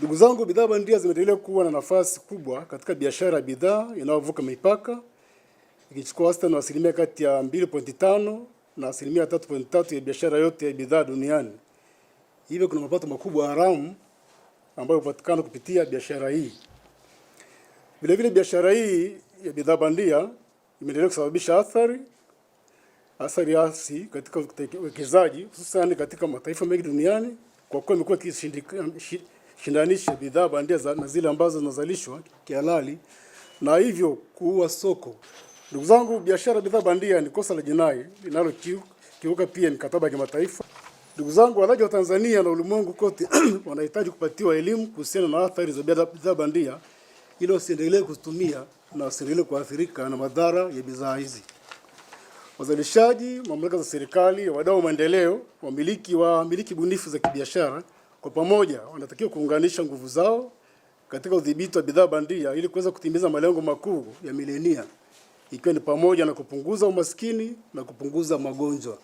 Ndugu zangu, bidhaa bandia zimeendelea kuwa na nafasi kubwa katika biashara ya bidhaa inayovuka mipaka ikichukua wastani wa asilimia kati ya 2.5 na asilimia 3.3 ya biashara yote ya bidhaa duniani. Hivyo kuna mapato makubwa haramu ambayo hupatikana kupitia biashara hii. Vilevile, biashara hii ya bidhaa bandia imeendelea kusababisha athari athari hasi katika uwekezaji hususan katika mataifa mengi duniani kwa kuwa imekuwa shindanishe bidhaa bandia na zile ambazo zinazalishwa kihalali na hivyo kuua soko. Ndugu zangu, biashara bidhaa bandia ni kosa la jinai linalokiuka pia mikataba ya kimataifa. Ndugu zangu, walaji wa Tanzania na ulimwengu kote wanahitaji kupatiwa elimu kuhusiana na athari za bidhaa bandia ili wasiendelee kuzitumia na wasiendelee kuathirika na madhara ya bidhaa hizi. Wazalishaji, mamlaka za serikali, wadau wa maendeleo, wamiliki wa miliki bunifu za kibiashara kwa pamoja wanatakiwa kuunganisha nguvu zao katika udhibiti wa bidhaa bandia ili kuweza kutimiza malengo makuu ya milenia ikiwa ni pamoja na kupunguza umaskini na kupunguza magonjwa.